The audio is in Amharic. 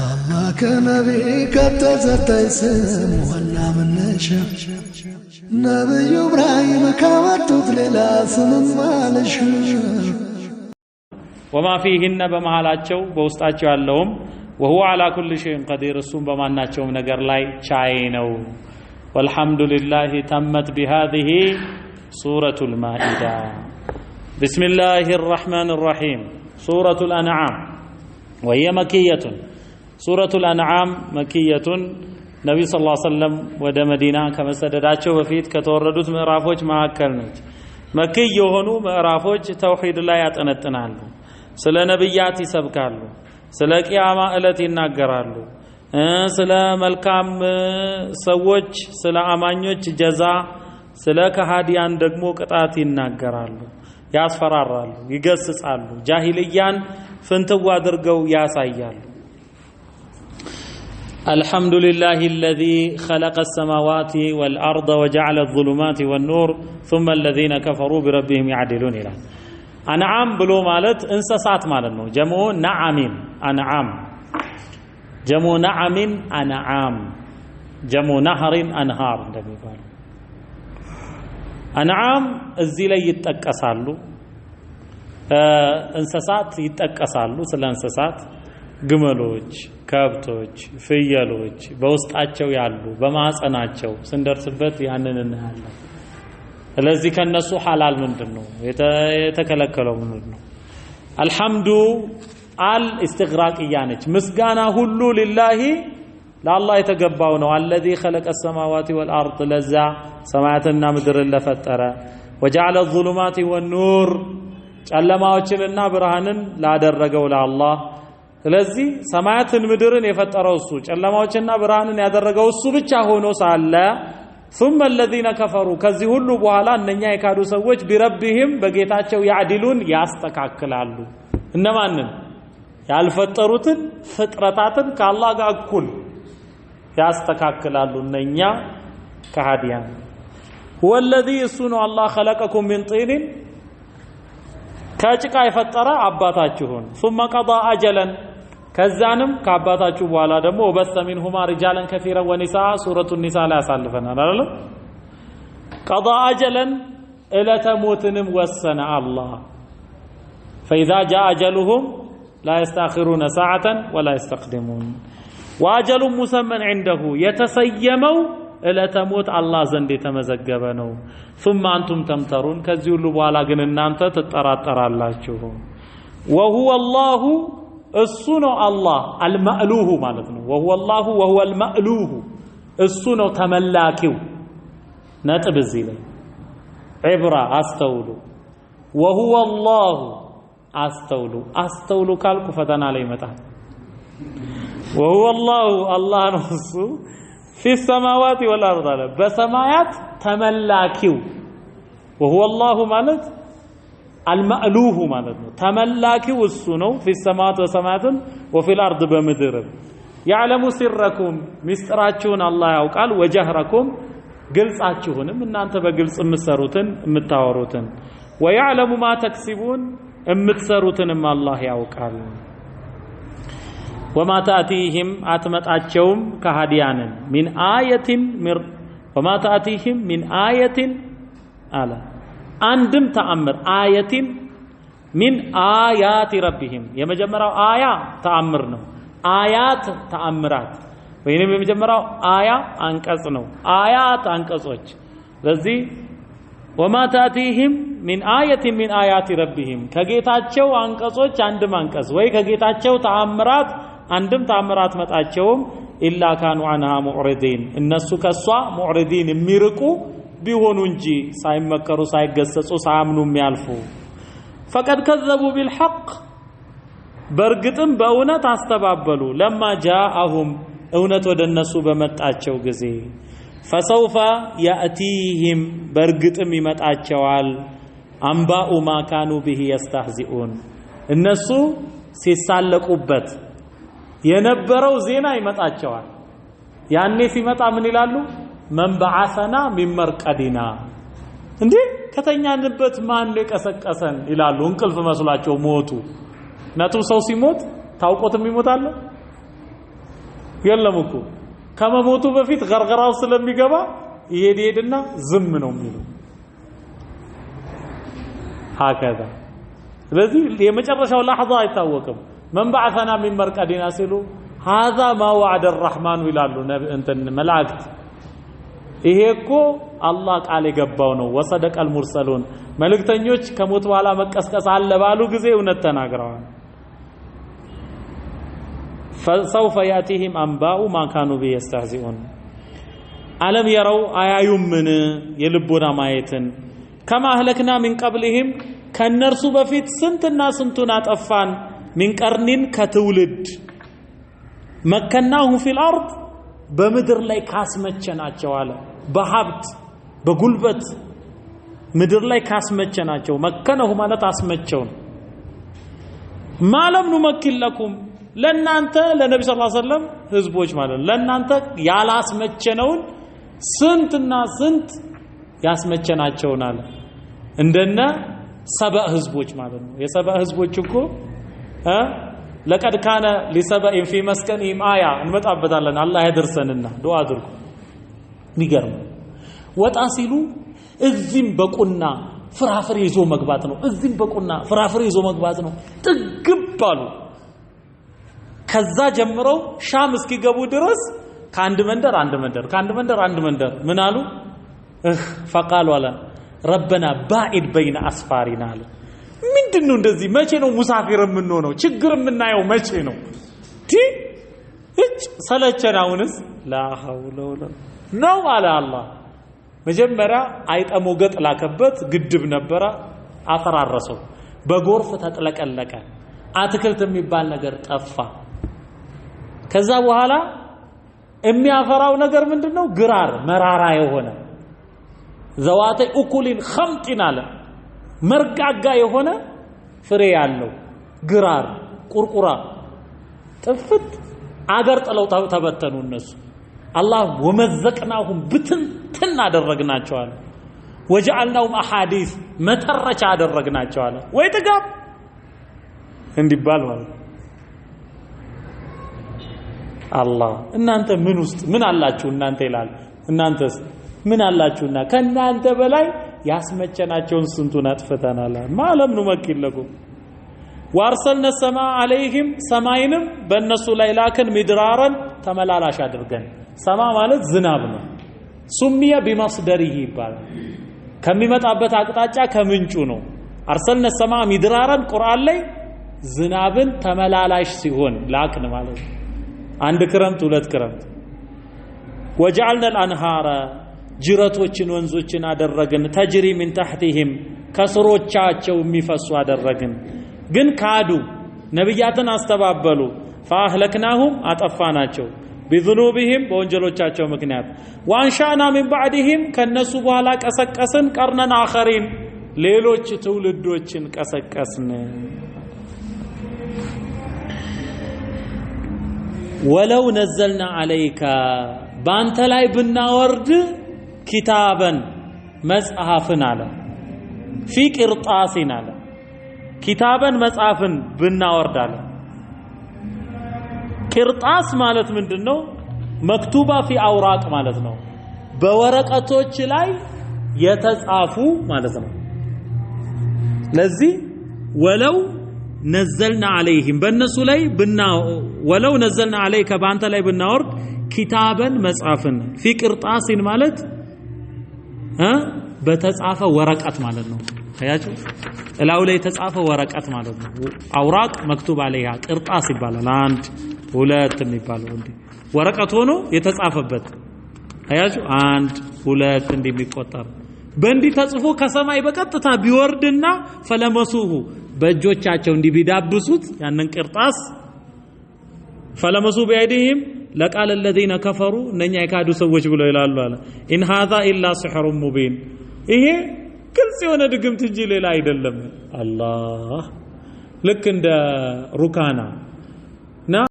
الله كنبيك تزتيس مهنا من نشا نبي إبراهيم كما تطلل مالش وما فيهن በመሃላቸው በውስጣቸው ያለውም وهو على كل شيء قدير እሱም بما ነገር ላይ لاي ነው والحمد لله تمت بهذه سورة المائدة بسم الله الرحمن الرحيم سورة الأنعام وهي مكية ሱረቱል አንዓም መኪየቱን ነቢዩ ሰለላሁ ዐለይሂ ወሰለም ወደ መዲና ከመሰደዳቸው በፊት ከተወረዱት ምዕራፎች መካከል ነች። መክይ የሆኑ ምዕራፎች ተውሂድ ላይ ያጠነጥናሉ። ስለ ነብያት ይሰብካሉ። ስለ ቅያማ ዕለት ይናገራሉ። ስለ መልካም ሰዎች፣ ስለ አማኞች ጀዛ፣ ስለ ከሃዲያን ደግሞ ቅጣት ይናገራሉ። ያስፈራራሉ፣ ይገስጻሉ። ጃሂልያን ፍንትው አድርገው ያሳያሉ። الحمد لله الذي خلق السماوات والأرض وجعل الظلمات والنور ثم الذين كفروا بربهم يعدلون إلى أنعام بلو مالت سات مالت نو جمو نعم أنعام جمو نعم أنعام جمو نهر أنهار أنعام እዚህ ላይ ይጠቀሳሉ እንስሳት سلا ስለ سات ግመሎች ከብቶች፣ ፍየሎች በውስጣቸው ያሉ በማዕፀናቸው ስንደርስበት ያንን እናያለን። ስለዚህ ከነሱ ሐላል ምንድን ነው? የተከለከለው ምንድን ነው? አልሐምዱ አል ኢስቲግራቅያ ነች። ምስጋና ሁሉ ሊላሂ ለአላህ የተገባው ነው። አለዚ ኸለቀ ሰማዋቲ ወልአርድ ለዛ ሰማያትና ምድርን ለፈጠረ ወጀዐለ ዙሉማት ወኑር ጨለማዎችንና ብርሃንን ላደረገው ለአላህ ስለዚህ ሰማያትን ምድርን የፈጠረው እሱ ጨለማዎችና ብርሃንን ያደረገው እሱ ብቻ ሆኖ ሳለ ثم الذين كفروا ከዚህ ሁሉ በኋላ እነኛ የካዱ ሰዎች ቢረብህም በጌታቸው ያዕዲሉን ያስተካክላሉ። እነማንን? ያልፈጠሩትን ፍጥረታትን ከአላህ ጋር እኩል ያስተካክላሉ። እነኛ ከሃዲያን هو እሱ ነው አላህ خلقكم من طين ከጭቃ የፈጠረ አባታችሁን ثم قضى أجلا ከዛንም ከአባታችሁ በኋላ ደግሞ ወበሰ ሚንሁማ ሪጃለን ከሲረን ወኒሳ ሱረቱ ኒሳ ላይ አሳልፈናል አይደል? ቀዳ አጀለን እለተ ሞትንም ወሰነ አላህ። ፈኢዛ ጃአ አጀሉሁም ላ የስተአኺሩነ ሰዓተን ወላ የስተቅድሙን። ወአጀሉን ሙሰመን ዒንደሁ የተሰየመው እለተ ሞት አላህ ዘንድ የተመዘገበ ነው። ሱመ አንቱም ተምተሩን ከዚህ ሁሉ በኋላ ግን እናንተ ትጠራጠራላችሁ። ወሁወ አላሁ እሱ ነው አላህ አልመእሉሁ ማለት ነው ወሁወ አላሁ ወሁወ አልመእሉሁ እሱ ነው ተመላኪው ነጥብ እዚህ ላይ ዕብራ አስተውሉ ወሁወ አላሁ አስተውሉ አስተውሉ ካልኩ ፈተና ላይ ይመጣል ወሁወ አላሁ አላህ ነው እሱ ፊ ሰማዋት ወልአርድ አለ በሰማያት ተመላኪው ወሁወ አላሁ ማለት አልማእሉሁ ማለት ነው። ተመላኪው እሱ ነው። ፊ ሰማት በሰማያትም ወፊል አርድ በምድርም ያዕለሙ ሲረኩም ሚስጥራችሁን አላህ ያውቃል። ወጀህረኩም ግልጻችሁንም እናንተ በግልጽ የምትሰሩትን የምታወሩትን፣ ወያዕለሙ ማ ተክሲቡን የምትሰሩትንም አላህ ያውቃል። ወማ ተአቲህም አትመጣቸውም ከሃዲያንን ሚን አየትን ወማ ተአቲህም ሚን አየትን አለ አንድም ተአምር አየቲን ሚን አያት ረቢሂም የመጀመሪያው አያ ተአምር ነው። አያት ተአምራት ወይንም የመጀመሪያው አያ አንቀጽ ነው። አያት አንቀጾች። ስለዚህ ወማ ታቲህም ሚን አየቲን ሚን አያት ረቢሂም ከጌታቸው አንቀጾች አንድም አንቀጽ ወይ ከጌታቸው ተአምራት አንድም ተአምራት መጣቸውም ኢላ ካኑ አንሃ ሙዕሪዲን እነሱ ከሷ ሙዕሪዲን የሚርቁ ቢሆኑ እንጂ ሳይመከሩ ሳይገሰጹ ሳያምኑ የሚያልፉ ፈቀድ ከዘቡ ቢልሐቅ በእርግጥም በእውነት አስተባበሉ ለማ ጃአሁም እውነት ወደ እነሱ በመጣቸው ጊዜ ፈሰውፈ ያእቲህም በእርግጥም ይመጣቸዋል አምባኡ ማካኑ ካኑ ብሂ የስተህዚኡን እነሱ ሲሳለቁበት የነበረው ዜና ይመጣቸዋል ያኔ ሲመጣ ምን ይላሉ መንበዓሰና ሚመርቀዲና እንዴ ከተኛንበት ማን የቀሰቀሰን ይላሉ። እንቅልፍ መስሏቸው ሞቱ። ነጥብ ሰው ሲሞት ታውቆትም ይሞታል የለም እኮ ከመሞቱ በፊት ገርገራው ስለሚገባ ይሄድ ይሄድና ዝም ነው የሚሉ ሀከዛ። ስለዚህ የመጨረሻው ላሕዛ አይታወቅም። መንባዓሰና ሚመርቀዲና ሲሉ ሀዛ ማ ዋዕደ ራሕማኑ ይላሉ እንትን መላእክት ይሄ እኮ አላህ ቃል የገባው ነው። ወሰደቀል ሙርሰሉን መልእክተኞች ከሞት በኋላ መቀስቀስ አለ ባሉ ጊዜ እውነት ተናግረዋል። ፈሰውፈ ያእቲህም አንባኡ ማካኑ ቢ የስተህዚኡን አለም የረው አያዩምን የልቦና ማየትን ከማህለክና ሚንቀብልህም ሚን ከእነርሱ በፊት ስንትና ስንቱን አጠፋን። ሚን ከትውልድ መከናሁም ፊል አርድ በምድር ላይ ካስመቸናቸው አለ በሀብት በጉልበት ምድር ላይ ካስመቸናቸው መከነሁ ማለት አስመቸው ነው ማለም ኑመክን ለኩም ለእናንተ ለነቢ ስ ሰለም ህዝቦች ማለት ነው ለእናንተ ያላስመቸነውን ስንትና ስንት ያስመቸናቸውን አለ እንደነ ሰበእ ህዝቦች ማለት ነው የሰበእ ህዝቦች እኮ ለቀድ ካነ ሊሰበኢን ፊ መስከኒሂም አያ እንመጣበታለን። አላህ ያደርሰንና ዱዓ አድርጉ። የሚገርም ወጣ ሲሉ እዚህም በቁና ፍራፍሬ ይዞ መግባት ነው። እዚህም በቁና ፍራፍሬ ይዞ መግባት ነው። ጥግብ አሉ። ከዛ ጀምረው ሻም እስኪገቡ ድረስ ከአንድ መንደር አንድ መንደር ከአንድ መንደር አንድ መንደር ምን አሉ? ፈቃሉ አለ ረበና ባዒድ በይነ አስፋሪና አለ ምንድን ነው እንደዚህ? መቼ ነው ሙሳፊር የምንሆነው? ችግር የምናየው መቼ ነው? እጭ ሰለቸን። አሁንስ ላሀውለ ነው አለ አላህ። መጀመሪያ አይጠሞ ገጥ ላከበት ግድብ ነበረ፣ አፈራረሰው። በጎርፍ ተጥለቀለቀ። አትክልት የሚባል ነገር ጠፋ። ከዛ በኋላ የሚያፈራው ነገር ምንድን ነው? ግራር፣ መራራ የሆነ ዘዋተ እኩሊን ኸምጢን አለ መርጋጋ የሆነ ፍሬ ያለው ግራር ቁርቁራ ጥፍት አገር ጥለው ተበተኑ። እነሱ አላህ ወመዘቅናሁም ብትንትን አደረግናቸዋል። ወጀዐልናሁም አሐዲስ መተረቻ አደረግናቸዋል። ወይ ጥጋብ እንዲባል ማለት አላህ እናንተ ምን ውስጥ ምን አላችሁ እናንተ ይላል። እናንተስ ምን አላችሁና ከእናንተ በላይ ያስመጨናቸውን ስንቱን አጥፍተናል። ማለም ነው መኪለኩ ወአርሰልነ ሰማ አለይህም ሰማይንም በእነሱ ላይ ላክን ሚድራረን ተመላላሽ አድርገን። ሰማ ማለት ዝናብ ነው። ሱሚየ ቢመስደሪህ ይባላል። ከሚመጣበት አቅጣጫ ከምንጩ ነው። አርሰልነ ሰማ ሚድራረን ቁርአን ላይ ዝናብን ተመላላሽ ሲሆን ላክን ማለት አንድ ክረምት ሁለት ክረምት ወጀዐልነል አንሃረ ጅረቶችን ወንዞችን አደረግን። ተጅሪ ሚን ታሕቲህም ከስሮቻቸው የሚፈሱ አደረግን። ግን ካዱ፣ ነቢያትን አስተባበሉ። ፈአህለክናሁም አጠፋናቸው። ቢዙኑብህም በወንጀሎቻቸው ምክንያት ወአንሻእና ሚን ባዕድህም ከእነሱ በኋላ ቀሰቀስን። ቀርነን አኸሪን ሌሎች ትውልዶችን ቀሰቀስን። ወለው ነዘልና አለይከ በአንተ ላይ ብናወርድ ኪታበን መጽሐፍን አለ ፊ ቅርጣሲን አለ ኪታበን መጽሐፍን ብናወርድ አለ ቅርጣስ ማለት ምንድን ነው? መክቱባ ፊ አውራቅ ማለት ነው። በወረቀቶች ላይ የተጻፉ ማለት ነው። ለዚህ ወለው ነዘልና አለይህም በእነሱ ላይ ብና ወለው ነዘልና አለይከ በአንተ ላይ ብናወርድ ኪታበን መጽሐፍን ፊ ቅርጣሲን ማለት በተጻፈ ወረቀት ማለት ነው። አያችሁ እላው ላይ የተጻፈ ወረቀት ማለት ነው። አውራቅ መክቱብ አለያ ቅርጣስ ይባላል። አንድ ሁለት የሚባለው እንዲ ወረቀት ሆኖ የተጻፈበት አያችሁ፣ አንድ ሁለት እንደሚቆጠር በእንዲህ ተጽፎ ከሰማይ በቀጥታ ቢወርድና ፈለመሱሁ በእጆቻቸው እንዲህ ቢዳብሱት ያንን ቅርጣስ ፈለመሱ ቢአይዲሂም لقال الذين كفروا نني يكادوا سوچ بلو الى الله ان هذا الا سحر مبين ايه كل سيونه دغم تجي ليلا ايدلم الله لك عند ركانا